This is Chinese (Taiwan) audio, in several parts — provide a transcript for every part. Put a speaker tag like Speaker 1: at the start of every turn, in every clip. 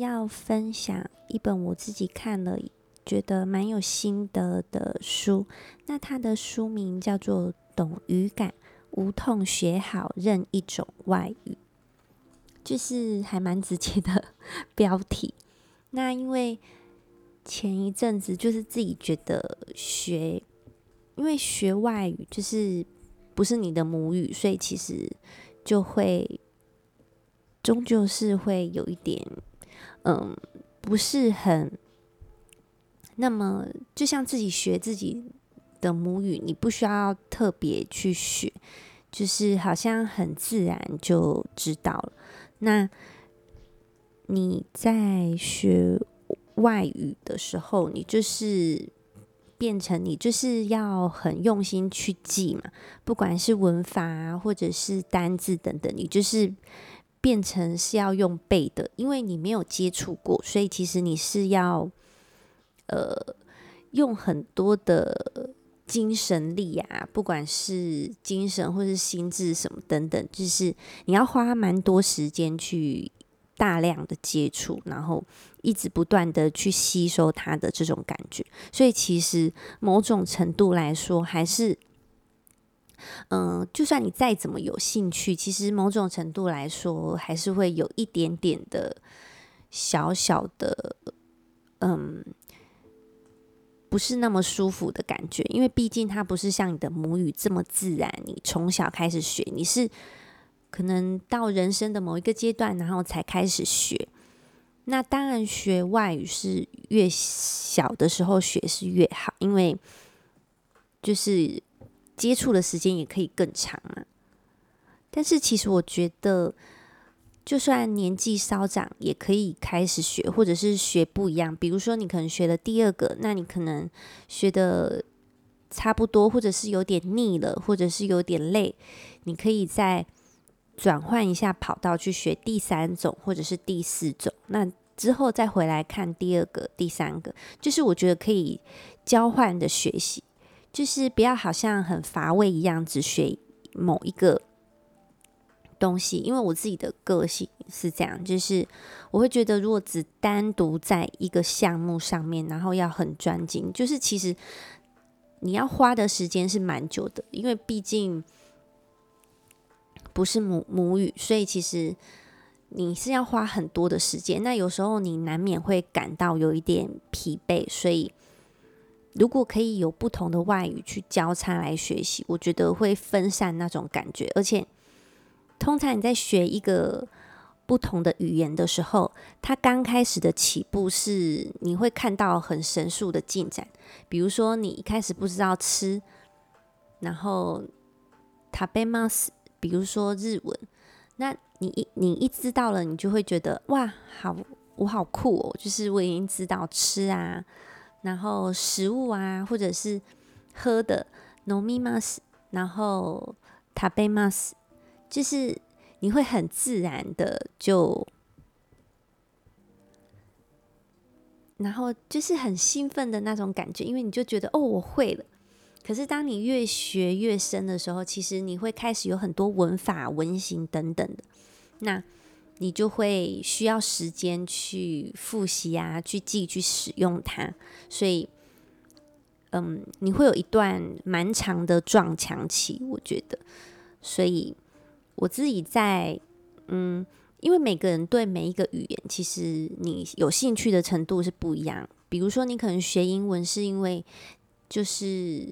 Speaker 1: 要分享一本我自己看了覺得蠻有心得的書，那它的書名叫做《懂語感，無痛學好任一種外語》，就是還蠻直接的標題。那因為前一陣子就是自己覺得學，因為學外語就是不是你的母語，所以其實就會終究是會有一點。嗯，不是很，那麼就像自己學自己的母語，你不需要特別去學，就是好像很自然就知道了。那你在學外語的時候，你就是變成你就是要很用心去記嘛，不管是文法啊，或者是單字等等，你就是。變成是要用背的，因為你沒有接觸過，所以其實你是要，呃，用很多的精神力啊，不管是精神或是心智什麼等等，就是你要花蠻多時間去大量的接觸，然後一直不斷的去吸收它的這種感覺，所以其實某種程度來說還是。嗯，就算你再怎麼有興趣，其實某種程度來說，還是會有一點點的小小的，嗯，不是那麼舒服的感覺，因為畢竟它不是像你的母語這麼自然。你從小開始學，你是可能到人生的某一個階段，然後才開始學。那當然，學外語是越小的時候學是越好，因為就是。接觸的時間也可以更長啊，但是其實我覺得，就算年紀稍長，也可以開始學，或者是學不一樣。比如說你可能學了第二個，那你可能學的差不多，或者是有點膩了，或者是有點累，你可以再轉換一下跑道去學第三種或者是第四種，那之後再回來看第二個、第三個，就是我覺得可以交換的學習。就是不要好像很乏味一樣，只學某一個東西。因為我自己的個性是這樣，就是我會覺得，如果只單獨在一個項目上面，然後要很專精，就是其實你要花的時間是蠻久的，因為畢竟不是母母語，所以其實你是要花很多的時間。那有時候你難免會感到有一點疲憊，所以。如果可以有不同的外語去交叉來學習，我覺得會分散那種感覺。而且，通常你在學一個不同的語言的時候，它剛開始的起步是你會看到很神速的進展。比如說，你一開始不知道吃，然後食べます，比如說日文，那你一你一知道了，你就會覺得哇，好，我好酷哦、喔，就是我已經知道吃啊。然後食物啊，或者是喝的，飲みます，然後食べます，就是你會很自然的就，然後就是很興奮的那種感覺，因為你就覺得哦，我會了。可是當你越學越深的時候，其實你會開始有很多文法、文型等等的。那。你就會需要時間去複習啊，去記，去使用它，所以，嗯，你會有一段蠻長的撞牆期，我覺得。所以我自己在，嗯，因為每個人對每一個語言，其實你有興趣的程度是不一樣。比如說，你可能學英文是因為，就是，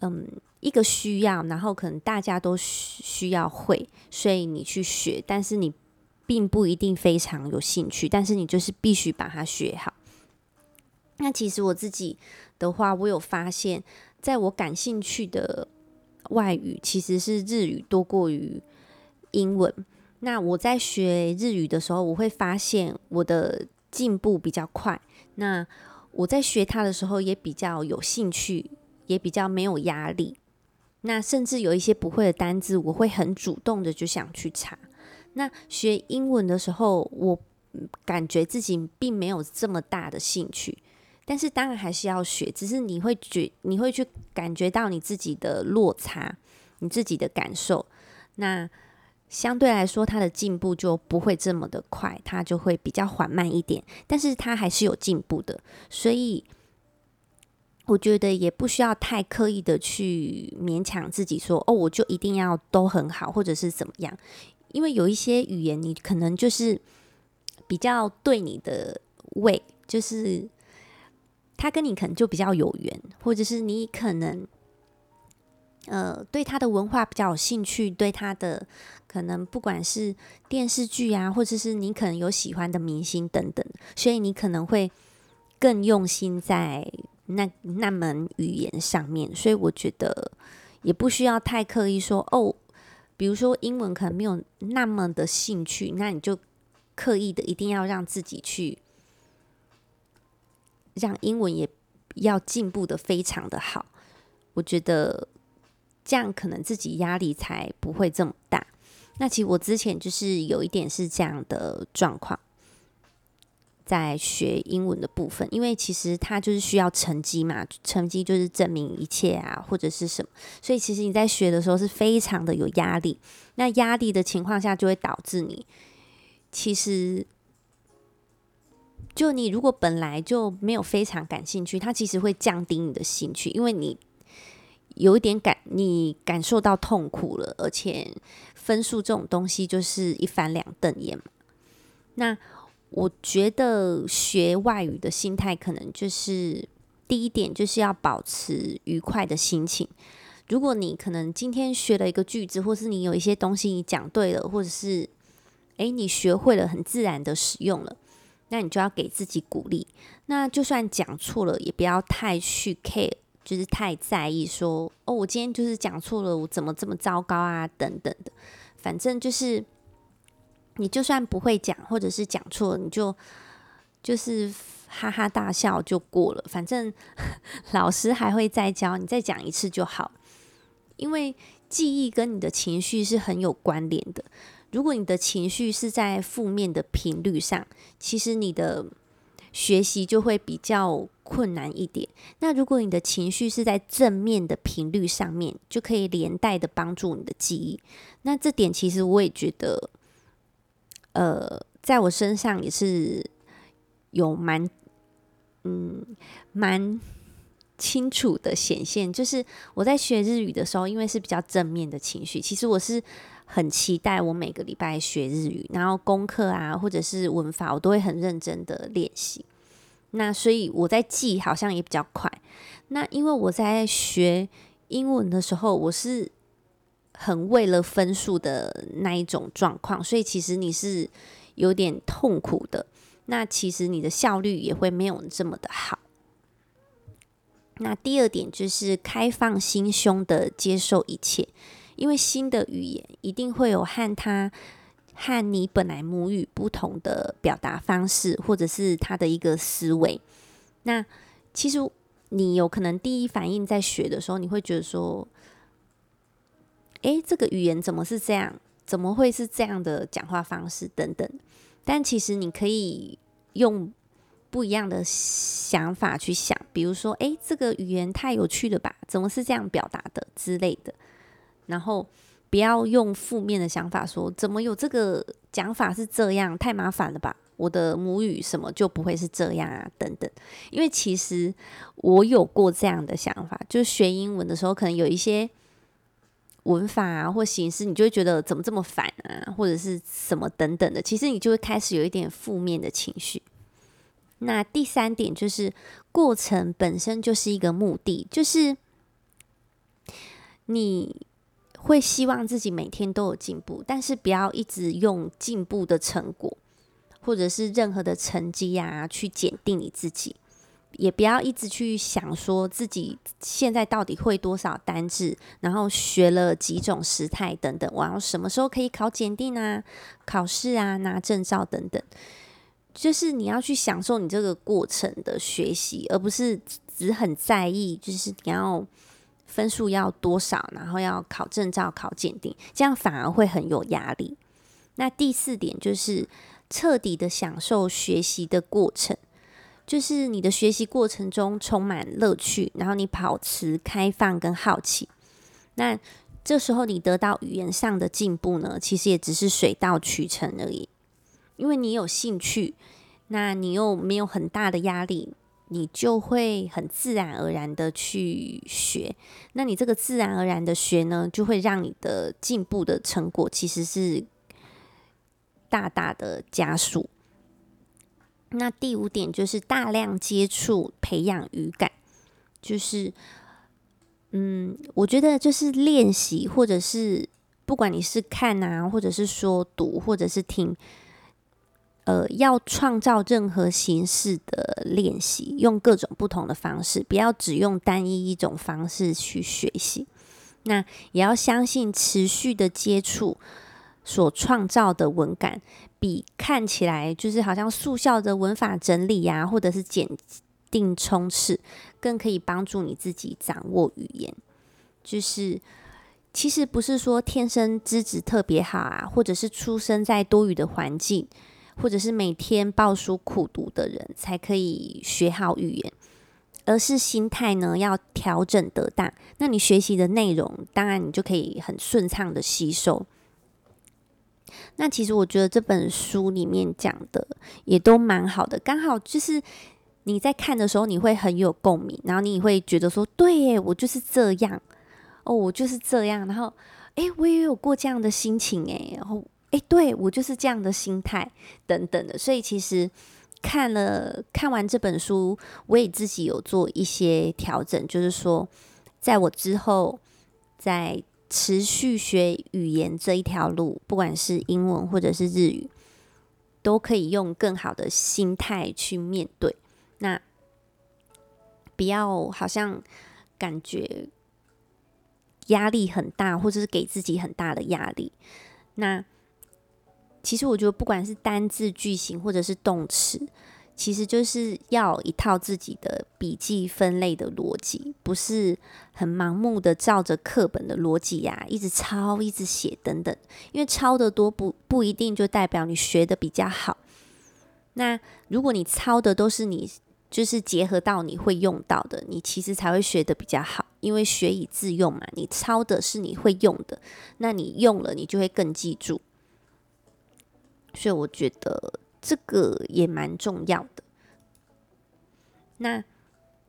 Speaker 1: 嗯。一個需要，然後可能大家都需要會，所以你去學，但是你並不一定非常有興趣，但是你就是必須把它學好。那其實我自己的話，我有發現，在我感興趣的外語其實是日語多過於英文。那我在學日語的時候，我會發現我的進步比較快。那我在學它的時候也比較有興趣，也比較沒有壓力。那甚至有一些不會的單字，我會很主動的就想去查。那學英文的時候，我感覺自己並沒有這麼大的興趣，但是當然還是要學。只是你會覺，你會去感覺到你自己的落差，你自己的感受。那相對來說，它的進步就不會這麼的快，它就會比較緩慢一點，但是它還是有進步的。所以。我覺得也不需要太刻意的去勉強自己說，說，哦，我就一定要都很好，或者是怎麼樣？因為有一些語言，你可能就是比較對你的胃，就是他跟你可能就比較有緣，或者是你可能呃對他的文化比較有興趣，對他的可能不管是電視劇啊，或者是你可能有喜歡的明星等等，所以你可能會更用心在那那門語言上面，所以我覺得也不需要太刻意說哦。比如說英文可能沒有那麼的興趣，那你就刻意的一定要讓自己去讓英文也要進步的非常的好。我覺得這樣可能自己壓力才不會這麼大。那其實我之前就是有一點是這樣的狀況。在學英文的部分，因為其實他就是需要成績嘛，成績就是證明一切啊，或者是什麼，所以其實你在學的時候是非常的有壓力。那壓力的情況下，就會導致你其實就你如果本來就沒有非常感興趣，他其實會降低你的興趣，因為你有一點感，你感受到痛苦了，而且分數這種東西就是一翻兩瞪眼嘛，那。我覺得學外語的心態可能就是第一點，就是要保持愉快的心情。如果你可能今天學了一個句子，或是你有一些東西你講對了，或者是誒，你學會了很自然的使用了，那你就要給自己鼓勵。那就算講錯了，也不要太去 care，就是太在意說哦，我今天就是講錯了，我怎麼這麼糟糕啊？等等的，反正就是。你就算不會講，或者是講錯，你就就是哈哈大笑就過了。反正老師還會再教，你再講一次就好。因為記憶跟你的情緒是很有關聯的。如果你的情緒是在負面的頻率上，其實你的學習就會比較困難一點。那如果你的情緒是在正面的頻率上面，就可以連帶的幫助你的記憶。那這點其實我也覺得。呃，在我身上也是有蠻，嗯，蠻清楚的顯現。就是我在學日語的時候，因為是比較正面的情緒，其實我是很期待我每個禮拜學日語，然後功課啊，或者是文法，我都會很認真的練習。那所以我在記好像也比較快。那因為我在學英文的時候，我是。很為了分數的那一種狀況，所以其實你是有點痛苦的。那其實你的效率也會沒有這麼的好。那第二點就是開放心胸的接受一切，因為新的語言一定會有和他和你本來母語不同的表達方式，或者是他的一個思維。那其實你有可能第一反應在學的時候，你會覺得說。誒，這個語言怎麼是這樣？怎麼會是這樣的講話方式？等等。但其實你可以用不一樣的想法去想，比如說，誒，這個語言太有趣了吧？怎麼是這樣表達的之類的？然後不要用負面的想法說，怎麼有這個講法是這樣？太麻煩了吧？我的母語什麼就不會是這樣啊？等等。因為其實我有過這樣的想法，就是學英文的時候，可能有一些。文法啊，或形式，你就會覺得怎麼這麼煩啊，或者是什麼等等的，其實你就會開始有一點負面的情緒。那第三點就是，過程本身就是一個目的，就是你會希望自己每天都有進步，但是不要一直用進步的成果，或者是任何的成績呀、啊，去檢定你自己。也不要一直去想說自己現在到底會多少單字，然後學了幾種時態等等，我要什麼時候可以考檢定啊、考試啊、拿證照等等。就是你要去享受你這個過程的學習，而不是只很在意，就是你要分數要多少，然後要考證照、考檢定，這樣反而會很有壓力。那第四點就是徹底的享受學習的過程。就是你的學習過程中充滿樂趣，然後你保持開放跟好奇，那這時候你得到語言上的進步呢，其實也只是水到渠成而已。因為你有興趣，那你又沒有很大的壓力，你就會很自然而然的去學。那你這個自然而然的學呢，就會讓你的進步的成果其實是大大的加速。那第五點就是大量接觸，培養語感，就是，嗯，我覺得就是練習，或者是不管你是看啊，或者是說讀，或者是聽，呃，要創造任何形式的練習，用各種不同的方式，不要只用單一一種方式去學習。那也要相信持續的接觸。所創造的文感，比看起來就是好像速效的文法整理呀、啊，或者是檢定衝刺，更可以幫助你自己掌握語言。就是其實不是說天生資質特別好啊，或者是出生在多語的環境，或者是每天抱書苦讀的人才可以學好語言，而是心態呢要調整得當。那你學習的內容，當然你就可以很順暢的吸收。那其實我覺得這本書裡面講的也都蠻好的，剛好就是你在看的時候，你會很有共鳴，然後你會覺得說，對耶，我就是這樣哦，我就是這樣，然後哎，我也有過這樣的心情哎，然後哎，對我就是這樣的心態等等的。所以其實看了看完這本書，我也自己有做一些調整，就是說，在我之後在。持續學語言這一條路，不管是英文或者是日語，都可以用更好的心態去面對。那不要好像感覺壓力很大，或者是給自己很大的壓力。那其實我覺得，不管是單字、句型或者是動詞。其實就是要一套自己的筆記分類的邏輯，不是很盲目的照着課本的邏輯呀、啊，一直抄、一直寫等等。因為抄得多不不一定就代表你學得比較好。那如果你抄的都是你，就是結合到你會用到的，你其實才會學得比較好，因為學以致用嘛。你抄的是你會用的，那你用了你就會更記住。所以我覺得。這個也蠻重要的。那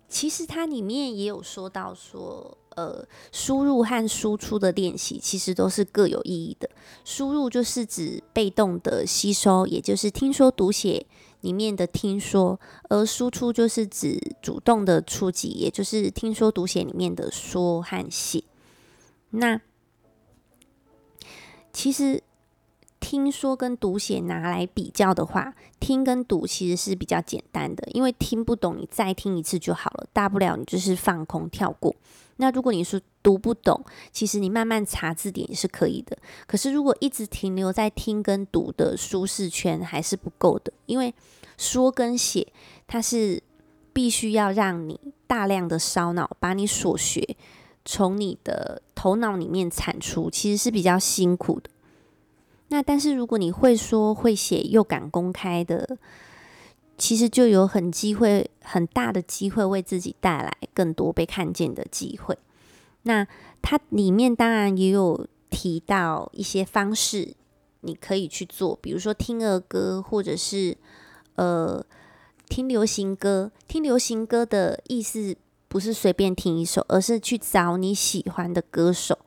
Speaker 1: 其實它裡面也有說到說，呃，輸入和輸出的練習其實都是各有意義的。輸入就是指被動的吸收，也就是聽說讀寫裡面的聽說；而輸出就是指主動的出擊，也就是聽說讀寫裡面的說和寫。那其實。聽說跟讀寫拿來比較的話，聽跟讀其實是比較簡單的，因為聽不懂你再聽一次就好了，大不了你就是放空跳過。那如果你是讀不懂，其實你慢慢查字典也是可以的。可是如果一直停留在聽跟讀的舒適圈，還是不夠的，因為說跟寫它是必須要讓你大量的燒腦，把你所學從你的頭腦裡面產出，其實是比較辛苦的。那但是如果你會說會寫又敢公開的，其實就有很機會很大的機會為自己帶來更多被看見的機會。那它裡面當然也有提到一些方式，你可以去做，比如說聽兒歌或者是呃聽流行歌。聽流行歌的意思不是隨便聽一首，而是去找你喜歡的歌手。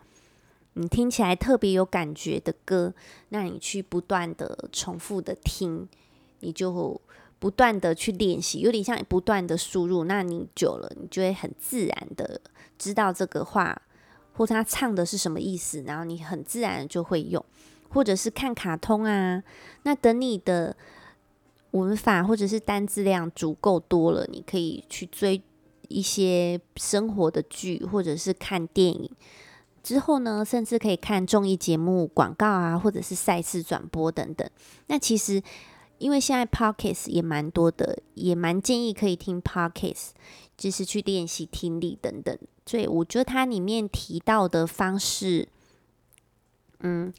Speaker 1: 你聽起來特別有感覺的歌，那你去不斷的重複的聽，你就不斷的去練習，有點像你不斷的輸入。那你久了，你就會很自然的知道這個話或他唱的是什麼意思，然後你很自然就會用，或者是看卡通啊。那等你的文法或者是單字量足夠多了，你可以去追一些生活的劇，或者是看電影。之後呢，甚至可以看綜藝節目、廣告啊，或者是賽事轉播等等。那其實，因為現在 podcast 也蠻多的，也蠻建議可以聽 podcast，就是去練習聽力等等。所以我覺得它裡面提到的方式，嗯，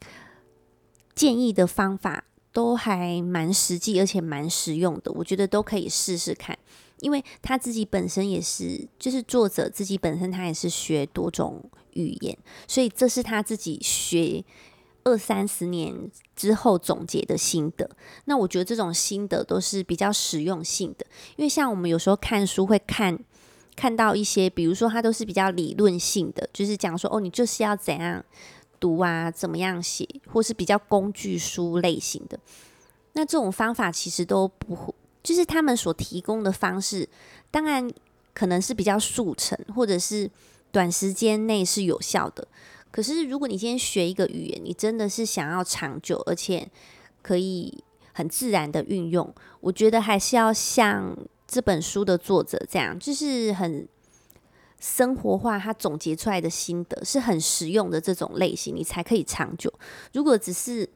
Speaker 1: 建議的方法都還蠻實際，而且蠻實用的，我覺得都可以試試看。因為他自己本身也是，就是作者自己本身，他也是學多種語言，所以這是他自己學二三十年之後總結的心得。那我覺得這種心得都是比較實用性的，因為像我們有時候看書會看看到一些，比如說他都是比較理論性的，就是講說哦，你就是要怎樣讀啊，怎麼樣寫，或是比較工具書類型的。那這種方法其實都不會。就是他們所提供的方式，當然可能是比較速成，或者是短時間內是有效的。可是如果你今天學一個語言，你真的是想要長久，而且可以很自然的運用，我覺得還是要像這本書的作者這樣，就是很生活化，他總結出來的心得是很實用的這種類型，你才可以長久。如果只是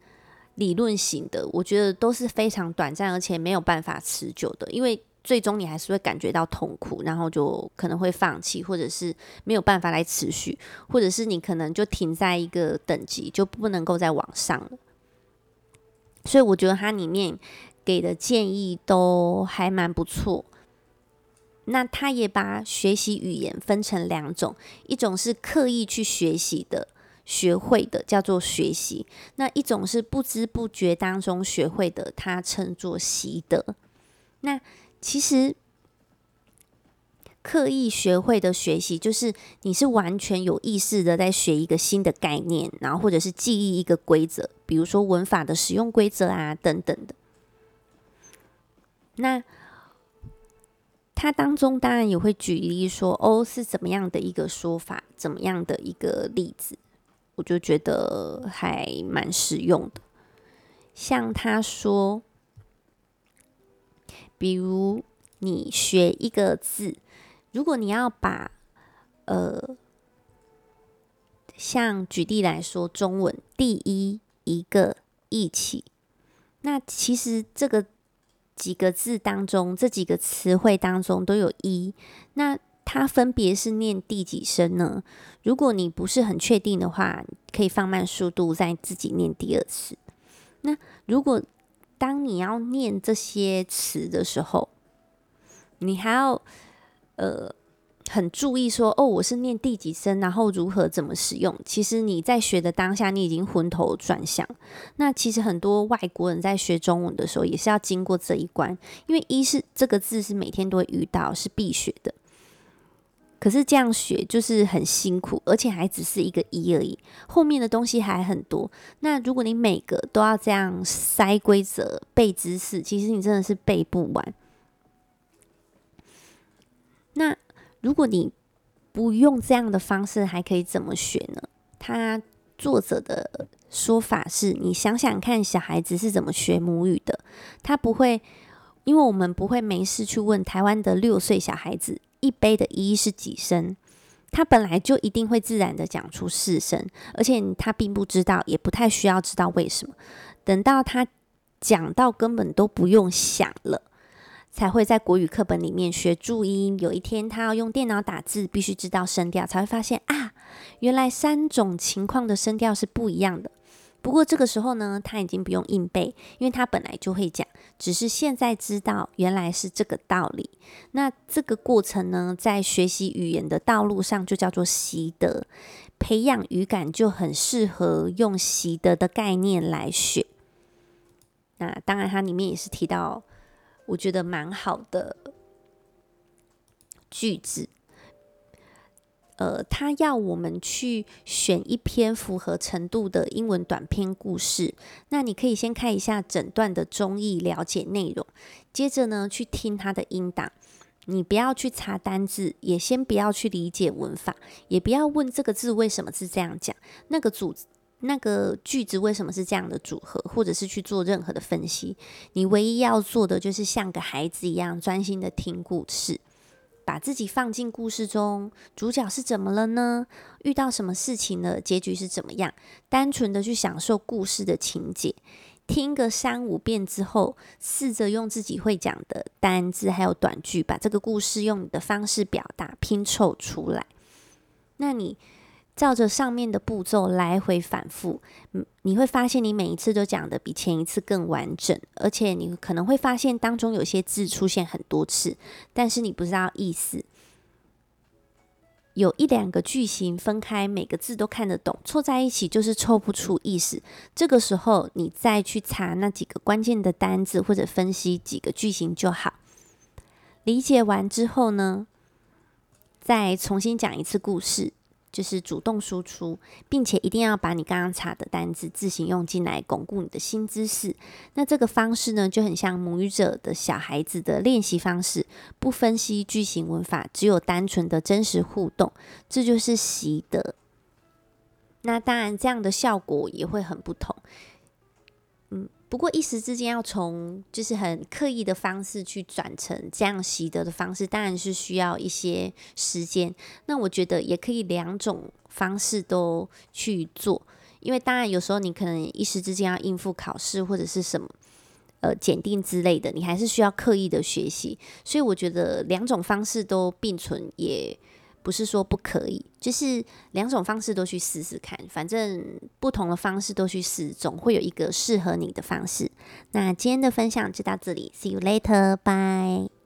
Speaker 1: 理論型的，我覺得都是非常短暫，而且沒有辦法持久的，因為最終你還是會感覺到痛苦，然後就可能會放棄，或者是沒有辦法來持續，或者是你可能就停在一個等級，就不能夠再往上了。所以我覺得它裡面給的建議都還蠻不錯。那他也把學習語言分成兩種，一種是刻意去學習的。學會的叫做學習，那一種是不知不覺當中學會的，它稱作習得。那其實刻意學會的學習，就是你是完全有意識的在學一個新的概念，然後或者是記憶一個規則，比如說文法的使用規則啊等等的。那它當中當然也會舉例說，哦，是怎麼樣的一個說法，怎麼樣的一個例子。我就覺得還蠻實用的，像他說，比如你學一個字，如果你要把，呃，像舉例來說，中文第一一個一起，那其實這個幾個字當中，這幾個詞彙當中都有一，那它分別是念第幾聲呢？如果你不是很確定的話，可以放慢速度再自己念第二次。那如果當你要念這些詞的時候，你還要呃很注意說哦，我是念第幾聲，然後如何怎麼使用。其實你在學的當下，你已經昏頭轉向。那其實很多外國人在學中文的時候，也是要經過這一關，因為一是這個字是每天都會遇到，是必學的。可是這樣學就是很辛苦，而且還只是一個一而已，後面的東西還很多。那如果你每個都要這樣塞規則、背知識，其實你真的是背不完。那如果你不用這樣的方式，還可以怎麼學呢？他作者的說法是：你想想看，小孩子是怎麼學母語的？他不會，因為我們不會沒事去問台灣的六歲小孩子。一杯的一是幾聲？他本來就一定會自然的講出四聲，而且他並不知道，也不太需要知道為什麼。等到他講到根本都不用想了，才會在國語課本裡面學注音。有一天他要用電腦打字，必須知道聲調，才會發現啊，原來三種情況的聲調是不一樣的。不過這個時候呢，他已經不用硬背，因為他本來就會講，只是現在知道原來是這個道理。那這個過程呢，在學習語言的道路上就叫做習得，培養語感就很適合用習得的概念來學。那當然，它裡面也是提到，我覺得蠻好的句子。呃，他要我們去選一篇符合程度的英文短篇故事。那你可以先看一下整段的中譯，了解內容。接着呢，去聽他的音檔。你不要去查單字，也先不要去理解文法，也不要問這個字為什麼是這樣講，那個組、那個句子為什麼是這樣的組合，或者是去做任何的分析。你唯一要做的就是像個孩子一樣，專心的聽故事。把自己放進故事中，主角是怎麼了呢？遇到什麼事情了？結局是怎麼樣？單純的去享受故事的情節，聽個三五遍之後，試着用自己會講的單字還有短句，把這個故事用你的方式表達拼湊出來。那你？照着上面的步驟來回反覆，你會發現你每一次都講的比前一次更完整，而且你可能會發現當中有些字出現很多次，但是你不知道意思。有一兩個句型分開，每個字都看得懂，湊在一起就是湊不出意思。這個時候你再去查那幾個關鍵的單字，或者分析幾個句型就好。理解完之後呢，再重新講一次故事。就是主動輸出，並且一定要把你剛剛查的單字自行用進來鞏固你的新知識。那這個方式呢，就很像母語者的小孩子的練習方式，不分析句型文法，只有單純的真實互動，這就是習得。那當然，這樣的效果也會很不同。不過一時之間要從就是很刻意的方式去轉成這樣習得的方式，當然是需要一些時間。那我覺得也可以兩種方式都去做，因為當然有時候你可能一時之間要應付考試或者是什麼，呃，檢定之類的，你還是需要刻意的學習。所以我覺得兩種方式都並存也。不是說不可以，就是兩種方式都去試試看。反正不同的方式都去試，總會有一個適合你的方式。那今天的分享就到這裡，See you later，bye。